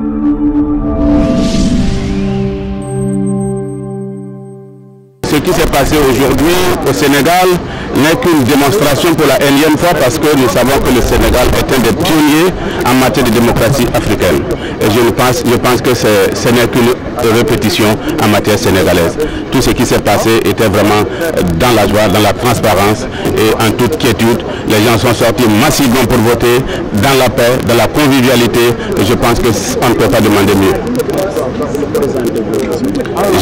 thank you Ce qui s'est passé aujourd'hui au Sénégal n'est qu'une démonstration pour la énième fois parce que nous savons que le Sénégal est un des pionniers en matière de démocratie africaine. Et je pense, je pense que ce n'est qu'une répétition en matière sénégalaise. Tout ce qui s'est passé était vraiment dans la joie, dans la transparence et en toute quiétude. Les gens sont sortis massivement pour voter, dans la paix, dans la convivialité. Et je pense qu'on ne peut pas demander mieux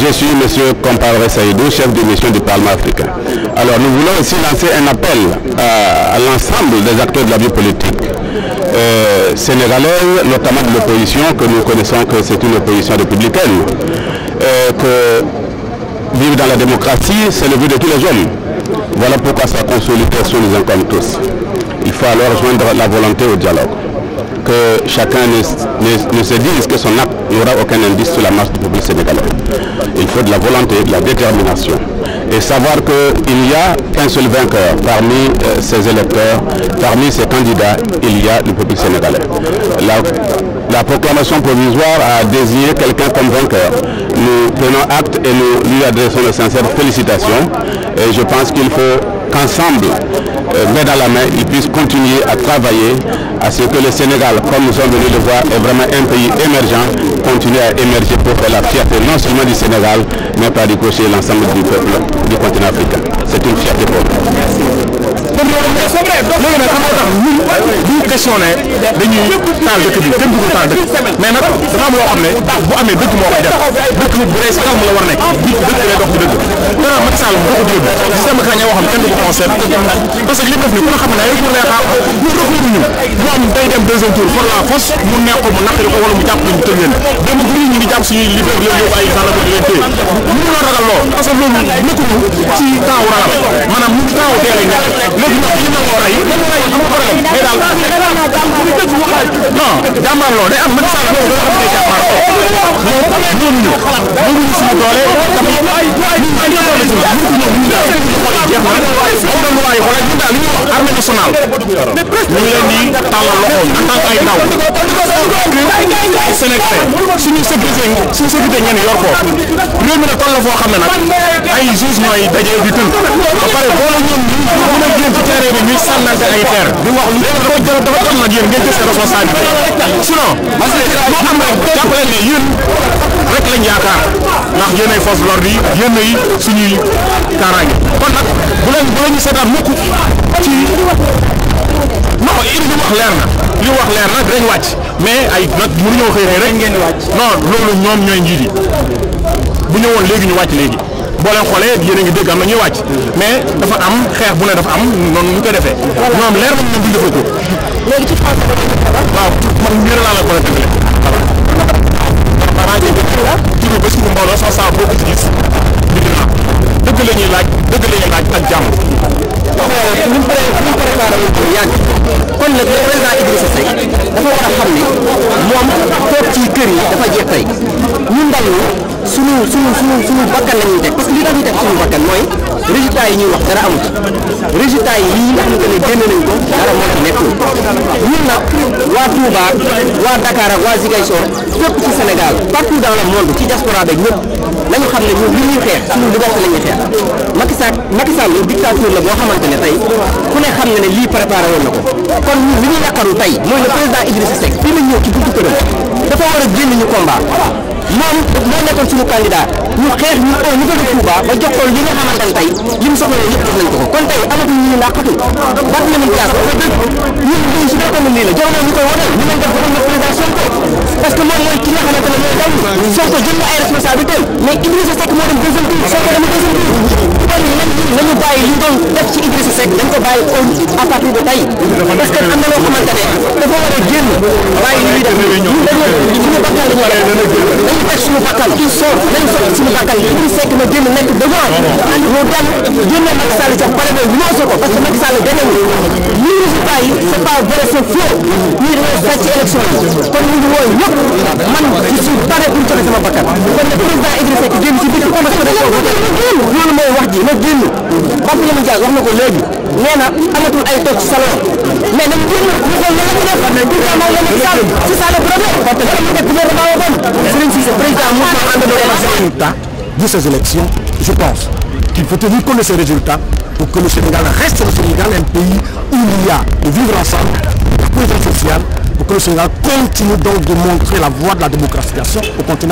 je suis M. Comparé Saïdou, chef de mission du Parlement africain. Alors nous voulons aussi lancer un appel euh, à, l'ensemble des acteurs de la vie politique euh, notamment de l'opposition, que nous connaissons que c'est une opposition républicaine, euh, que vivre dans la démocratie, c'est le but de tous les hommes. Voilà pourquoi sa consolidation nous incombe tous. Il faut alors joindre la volonté au dialogue chacun ne, ne, se dise que son acte n'aura aucun indice sur la marche du public sénégalais. Il faut de la volonté, de la détermination et savoir qu'il y a qu'un seul vainqueur parmi euh, ces ses électeurs, parmi ses candidats, il y a le public sénégalais. La, proclamation provisoire a désigné quelqu'un comme vainqueur. Nous prenons acte et nous lui adressons les sincères félicitations. Et je pense qu'il faut qu'ensemble, euh, main dans la main, ils puissent continuer à travailler à ce que le Sénégal, comme nous sommes venus le voir, est vraiment un pays émergent, continue à émerger pour faire la fierté non seulement du Sénégal, mais par ricochet l'ensemble du peuple du continent africain. C'est une fierté pour nous. question ne dañuy taal dëkk bi kenn bëggul taal dëkk mais nag dafa am loo xam ne bu amee dëkk moo koy def dëkk bu dee si kaw mu la war nekk bi dëkk lay dox di dëgg dana Macky Sall bu ko déglu système bi kaña waxam kenn du ko conseil parce que li def ni ku la xam ne pour lay xaar ñu recours ñu mu am day dem deuxième tour par la force mu nekk mu naqari ko wala mu jàpp ñu tëj leen dem bu ñu ngi jàpp suñuy leader leen yóbbu ay xalaat di leen téye ñu mënoo ragal lool parce que loolu nekkul ci temps wu ragal maanaam mu temps wu jàmbaarloo day am man sax loolu nga xam ne jàmbaarloo ñoom ñoo ñu suñu doole ay ay ay ñu doole ci ñu ko ñoom ñu daal ñu xool jeex na am na lu waay xool ñu daal ñu wax armée nationale ñu leen di tàllal loxo en tant que ay ndaw Sénégal suñu sécurité suñu sécurité ngeen yor ko réew mi nag toll na foo xam ne nag ay jugement yi daje di tënk ba pare boole ñoom ñu mën a génn ci terrain bi ñuy sànnante ay terre di wax lu dafa ak yéen ngeen jël seen responsabilité sinon moo am rek jàppale ne yéen rek lañ yaakaar ndax yéenay force de l'ordre yi yéenay suñuy kaaraange kon nag bu leen bu leen ñu wàcc mais ay nag mënuñoo xëy xëy rek ngeen wàcc non loolu ñoom ñooy njiit yi bu ñëwoon léegi ñu wàcc léegi boo leen xoolee yéen a ngi dégg am na ñuy wàcc mais dafa am xeex bu ne dafa am noonu ñu koy defee ñoom leer nañ ne duñ defal ko la ñu ah. waaw man laa la mën a déglu. voilà. tur bi suñu dëgg la laaj dëgg la laaj ak jàmm. mais ni mu paree mu paree kon nag dafa war a xam ne moom toog ci kër yi dafa jeex tey ñun ndaw ñi suñu suñu suñu suñu bakkan la teg parce li tax ñu suñu bakkan mooy. résultat yi ñuy wax dara amul résultat yi yi nga xamante ne génn nañ ko dara moo ci nekkul ñun nag waa Touba waa Dakar ak waa Ziguinchor fépp ci Sénégal partout dans le monde ci diaspora beeg ñëpp nañu xam ne ñun li ñuy xeex suñu liberté la ñuy xeex Macky Sall Macky Sall la boo xamante ne tey ku ne xam na ne lii préparé woon na ko kon ñun li ñuy naqaru tey mooy le président Idrissa Seck bi mu ñëw ci buntu këram dafa war a génn ñu combat moom moo ñu xeex ñu au niveau de Touba ba jox ko li nga xamante ne tey li mu soxla yëpp def nañ ko kon tey amatuñ ñu làqatu bat nañu parce que ñun dañ si fekkoon ñu koy ñu leen def na président Sonko parce que moom mooy ki nga xamante ay responsabilité mais Idrissa Seck moo dem deuxième tour Sonko dem deuxième tour kon nañ nañu bàyyi li doon def ci Idrissa Seck dañ a bàyyi li ñuy def ñun dañoo suñu bakkan la ñu war a dañu teg suñu bakkan kii soo dañu soog suñu bakkan yi Idriss Seck na génn nekk devant mu dem génne Macky Sall sax pare na ñoose ko parce que Macky Sall gagné wu lii résultat yi c'est pas vrai c'est faux ñii dañoo sàcc élection yi kon ñu ngi wooy ñëpp man je suis paré pour joxe sama bakkan kon le président Idriss Seck génn ci biir comme dafa dafa loolu mooy wax ji na génn ba fi ñu jaar wax na ko léegi nee na amatul ay toog salon mais nañ génn ñu xool la ñu def c'est ça le problème parce que comme le gouvernement waxoon Serigne Cissé président la àndandoo defar les résultats de ces élections je pense qu'il faut tenir compte de ces résultats pour que le Sénégal reste le Sénégal un pays où il y a de vivre ensemble la cohésion sociale pour que le Sénégal continue donc de montrer la voie de la démocratisation au continent